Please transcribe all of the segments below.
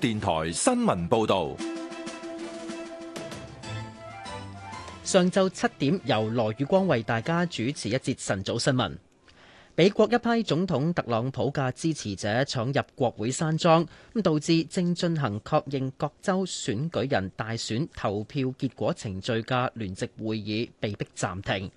電台新聞報道：上晝七點，由羅宇光為大家主持一節晨早新聞。美國一批總統特朗普嘅支持者闖入國會山莊，咁導致正進行確認各州選舉人大選投票結果程序嘅聯席會議被逼暫停。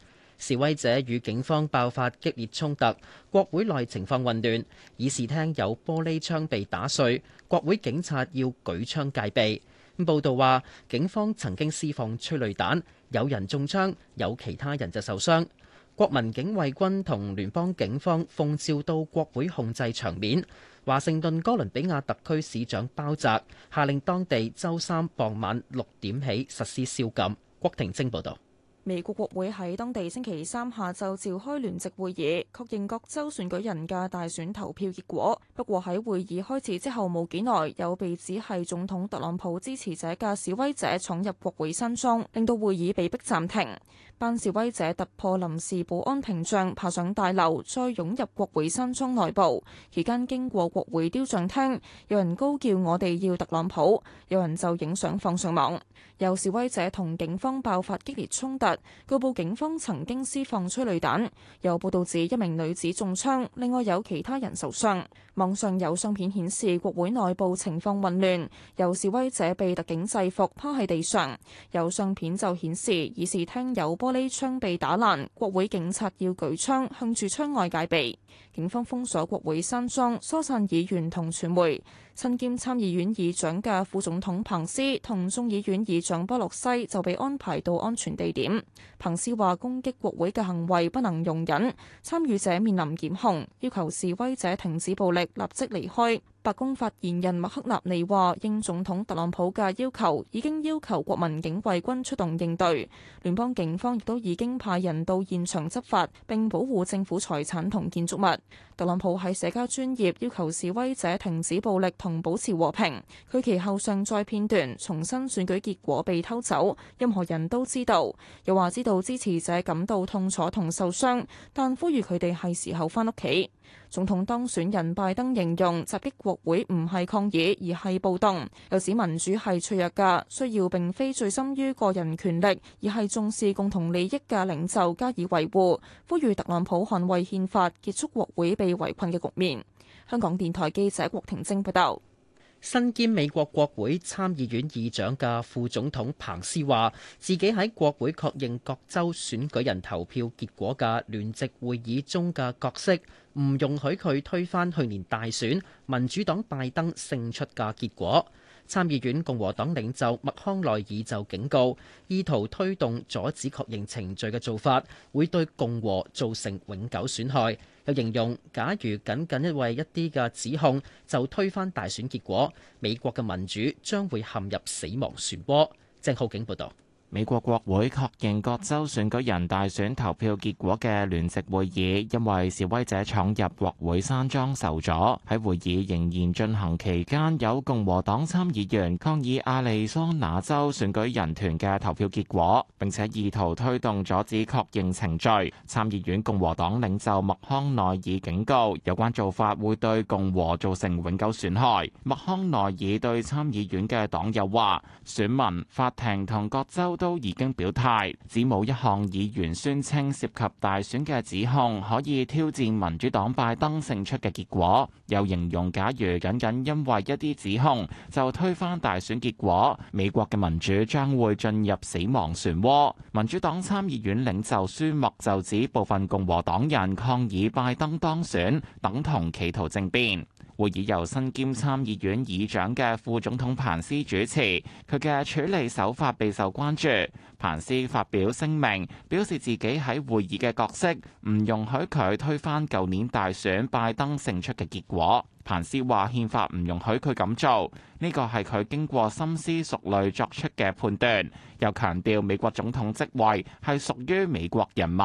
示威者與警方爆發激烈衝突，國會內情況混亂，議事廳有玻璃窗被打碎，國會警察要舉槍戒備。報導話，警方曾經施放催淚彈，有人中槍，有其他人就受傷。國民警衛軍同聯邦警方奉召到國會控制場面。華盛頓哥倫比亞特區市長鮑澤下令當地周三傍晚六點起實施宵禁。郭婷晶報導。美國國會喺當地星期三下晝召開聯席會議，確認各州選舉人嘅大選投票結果。不過喺會議開始之後冇幾耐，有被指係總統特朗普支持者嘅示威者闖入國會山莊，令到會議被迫暫停。班示威者突破臨時保安屏障，爬上大樓，再湧入國會山莊內部。期間經過國會雕像廳，有人高叫我哋要特朗普，有人就影相放上網。有示威者同警方爆發激烈衝突。據報，警方曾經施放催淚彈，有報道指一名女子中槍，另外有其他人受傷。網上有相片顯示國會內部情況混亂，有示威者被特警制服趴喺地上。有相片就顯示議事廳有玻璃窗被打爛，國會警察要舉槍向住窗外戒備。警方封鎖國會山莊，疏散議員同傳媒。趁兼參議院議長嘅副總統彭斯同眾議院議長波洛西就被安排到安全地點。彭斯話：攻擊國會嘅行為不能容忍，參與者面臨檢控，要求示威者停止暴力，立即離開。白宮發言人麥克納尼話：應總統特朗普嘅要求，已經要求國民警衛軍出動應對，聯邦警方亦都已經派人到現場執法，並保護政府財產同建築物。特朗普喺社交專業要求示威者停止暴力同保持和平。佢其後上載片段，重申選舉結果被偷走，任何人都知道。又話知道支持者感到痛楚同受傷，但呼籲佢哋係時候返屋企。總統當選人拜登形容襲擊國會唔係抗議，而係暴動，又指民主係脆弱嘅，需要並非醉心於個人權力，而係重視共同利益嘅領袖加以維護，呼籲特朗普捍衛憲法，結束國會被圍困嘅局面。香港電台記者郭婷晶報道。身兼美國國會參議院議長嘅副總統彭斯話自己喺國會確認各州選舉人投票結果嘅聯席會議中嘅角色，唔容許佢推翻去年大選民主黨拜登勝出嘅結果。參議院共和黨領袖麥康奈爾就警告，意圖推動阻止確認程序嘅做法，會對共和造成永久損害。又形容，假如僅僅因為一啲嘅指控就推翻大選結果，美國嘅民主將會陷入死亡漩渦。鄭浩景報導。美國國會確認各州選舉人大選投票結果嘅聯席會議，因為示威者闖入國會山莊受阻。喺會議仍然進行期間，有共和黨參議員抗議亞利桑那州選舉人團嘅投票結果，並且意圖推動阻止確認程序。參議院共和黨領袖麥康奈爾警告，有關做法會對共和造成永久損害。麥康奈爾對參議院嘅黨友話：選民、法庭同各州，都已經表態，指冇一項議員宣稱涉及大選嘅指控可以挑戰民主黨拜登勝出嘅結果，又形容假如僅僅因為一啲指控就推翻大選結果，美國嘅民主將會進入死亡漩渦。民主黨參議院領袖舒默就指部分共和黨人抗議拜登當選，等同企圖政變。會議由新兼參議院議長嘅副總統彭斯主持，佢嘅處理手法備受關注。彭斯發表聲明，表示自己喺會議嘅角色唔容許佢推翻舊年大選拜登勝出嘅結果。彭斯話：憲法唔容許佢咁做，呢個係佢經過深思熟慮作出嘅判斷，又強調美國總統職位係屬於美國人民。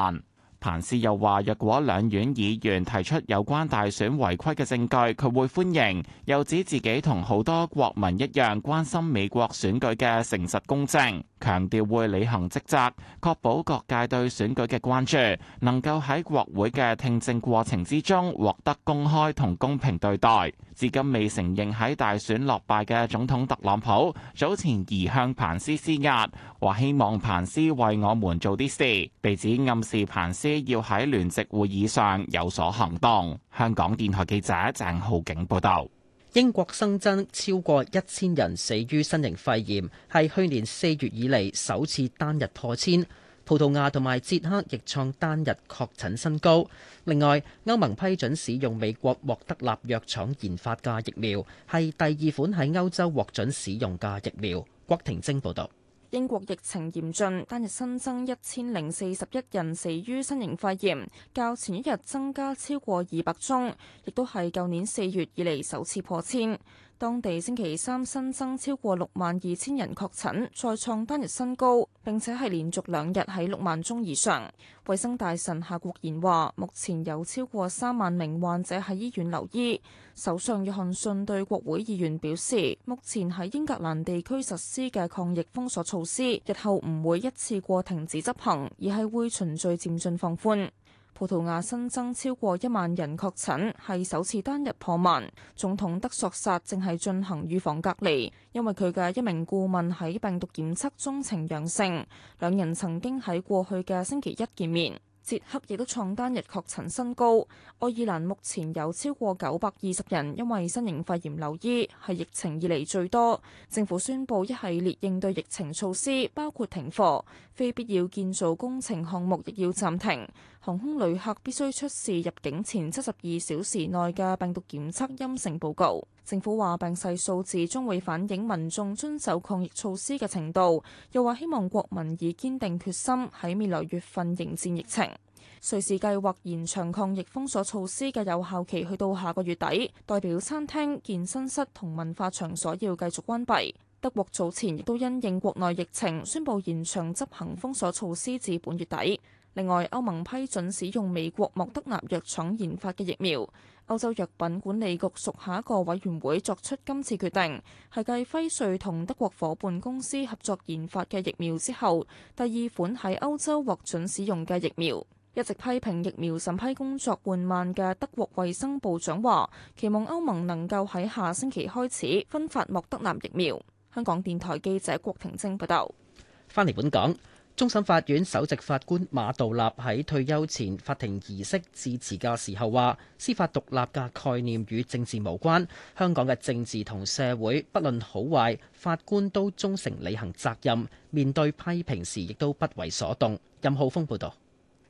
彭斯又話：若果兩院議員提出有關大選違規嘅證據，佢會歡迎。又指自己同好多國民一樣，關心美國選舉嘅誠實公正，強調會履行職責，確保各界對選舉嘅關注能夠喺國會嘅聽證過程之中獲得公開同公平對待。至今未承認喺大選落敗嘅總統特朗普，早前移向彭斯施壓，話希望彭斯為我們做啲事，被指暗示彭斯要喺聯席會議上有所行動。香港電台記者鄭浩景報道，英國新增超過一千人死於新型肺炎，係去年四月以嚟首次單日破千。葡萄牙同埋捷克亦創單日確診新高。另外，歐盟批准使用美國莫德納藥廠研發嘅疫苗，係第二款喺歐洲獲准使用嘅疫苗。郭婷晶報導。英國疫情嚴峻，單日新增一千零四十一人死於新型肺炎，較前一日增加超過二百宗，亦都係舊年四月以嚟首次破千。當地星期三新增超過六萬二千人確診，再創單日新高，並且係連續兩日喺六萬宗以上。衛生大臣夏國賢話：目前有超過三萬名患者喺醫院留醫。首相約翰遜對國會議員表示，目前喺英格蘭地區實施嘅抗疫封鎖措施，日後唔會一次過停止執行，而係會循序漸進放寬。葡萄牙新增超過一萬人確診，係首次單日破萬。總統德索薩正係進行預防隔離，因為佢嘅一名顧問喺病毒檢測中呈陽性，兩人曾經喺過去嘅星期一見面。捷克亦都創單日確診新高，愛爾蘭目前有超過九百二十人因為新型肺炎留醫，係疫情以嚟最多。政府宣布一系列應對疫情措施，包括停課、非必要建造工程項目亦要暫停。航空旅客必須出示入境前七十二小時內嘅病毒檢測陰性報告。政府話病逝數字將會反映民眾遵守抗疫措施嘅程度，又話希望國民以堅定決心喺未來月份迎戰疫情。瑞士計劃延長抗疫封鎖措施嘅有效期去到下個月底，代表餐廳、健身室同文化場所要繼續關閉。德國早前亦都因應國內疫情，宣布延長執行封鎖措施至本月底。另外，歐盟批准使用美國莫德納藥廠研發嘅疫苗。歐洲藥品管理局屬下一個委員會作出今次決定，係繼輝瑞同德國伙伴公司合作研發嘅疫苗之後，第二款喺歐洲獲准使用嘅疫苗。一直批評疫苗審批工作緩慢嘅德國衛生部長話，期望歐盟能夠喺下星期開始分發莫德納疫苗。香港電台記者郭婷晶報道。翻嚟，本港，終審法院首席法官馬道立喺退休前法庭儀式致辭嘅時候話，司法獨立嘅概念與政治無關。香港嘅政治同社會不論好壞，法官都忠誠履行責任，面對批評時亦都不為所動。任浩峰報道。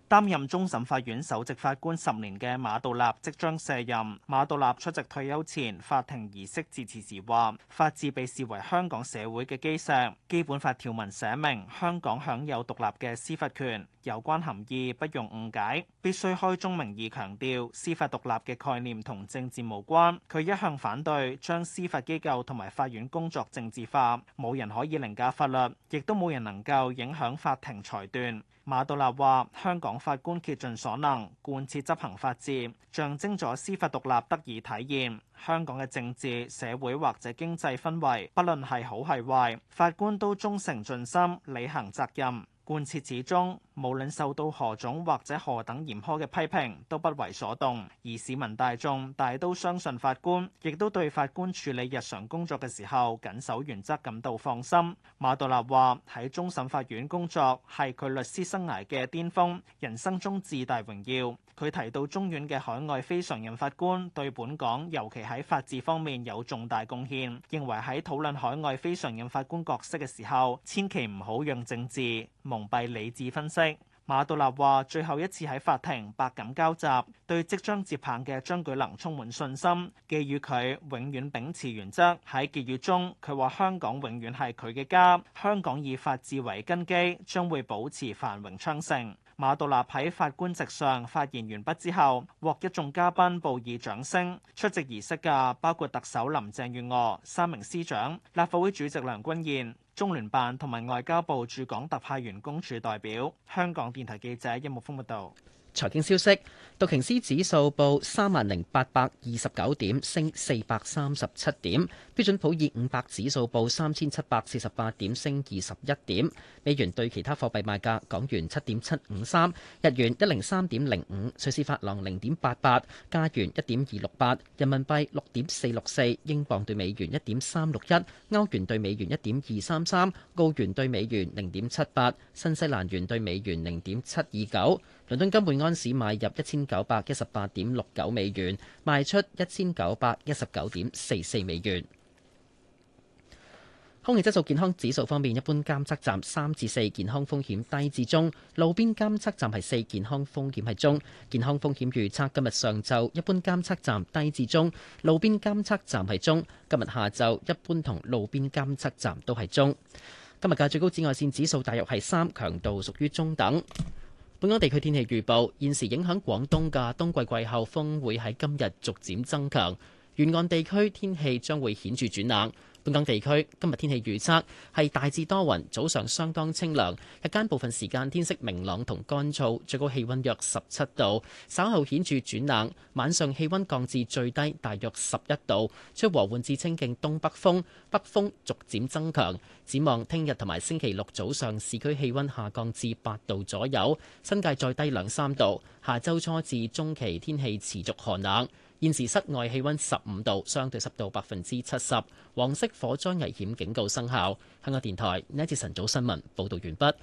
擔任終審法院首席法官十年嘅馬道立即將卸任。馬道立出席退休前法庭儀式致辭時話：法治被視為香港社會嘅基石，基本法條文寫明香港享有獨立嘅司法權，有關含義不容誤解。必須開宗明義強調，司法獨立嘅概念同政治無關。佢一向反對將司法機構同埋法院工作政治化，冇人可以凌駕法律，亦都冇人能夠影響法庭裁斷。馬道立話：香港法官竭盡所能貫徹執行法治，象徵咗司法獨立得以體現。香港嘅政治、社會或者經濟氛圍，不論係好係壞，法官都忠誠盡心，履行責任。貫徹始終，無論受到何種或者何等嚴苛嘅批評，都不為所動。而市民大眾大都相信法官，亦都對法官處理日常工作嘅時候緊守原則感到放心。馬道立話：喺終審法院工作係佢律師生涯嘅巔峰，人生中至大榮耀。佢提到終院嘅海外非常任法官對本港，尤其喺法治方面有重大貢獻，認為喺討論海外非常任法官角色嘅時候，千祈唔好讓政治蒙蔽理智分析。馬道立話最後一次喺法庭百感交集，對即將接棒嘅張舉能充滿信心，寄予佢永遠秉持原則，喺結語中，佢話香港永遠係佢嘅家，香港以法治為根基，將會保持繁榮昌盛。馬馬道立喺法官席上發言完畢之後，獲一眾嘉賓報以掌聲。出席儀式嘅包括特首林鄭月娥、三名司長、立法會主席梁君彥、中聯辦同埋外交部駐港特派員公署代表。香港電台記者殷木峰報道。財經消息：道瓊斯指數報三萬零八百二十九點，升四百三十七點；標準普爾五百指數報三千七百四十八點，升二十一點。美元對其他貨幣賣價：港元七點七五三，日元一零三點零五，瑞士法郎零點八八，加元一點二六八，人民幣六點四六四，英鎊對美元一點三六一，歐元對美元一點二三三，澳元對美元零點七八，新西蘭元對美元零點七二九。倫敦金每安士買入一千九百一十八點六九美元，賣出一千九百一十九點四四美元。空氣質素健康指數方面，一般監測站三至四，健康風險低至中；路邊監測站係四，健康風險係中。健康風險預測今日上晝一般監測站低至中，路邊監測站係中；今日下晝一般同路邊監測站都係中。今日嘅最高紫外線指數大約係三，強度屬於中等。本港地區天氣預報，現時影響廣東嘅冬季季候風會喺今日逐漸增強，沿岸地區天氣將會顯著轉冷。本港地區今日天氣預測係大致多雲，早上相當清涼，日間部分時間天色明朗同乾燥，最高氣温約十七度，稍後顯著轉冷，晚上氣温降至最低大約十一度，吹和緩至清勁東北風，北風逐漸增強，展望聽日同埋星期六早上市區氣温下降至八度左右，新界再低兩三度，下周初至中期天氣持續寒冷。現時室外氣溫十五度，相對濕度百分之七十，黃色火災危險警告生效。香港電台呢節晨早新聞報道完畢。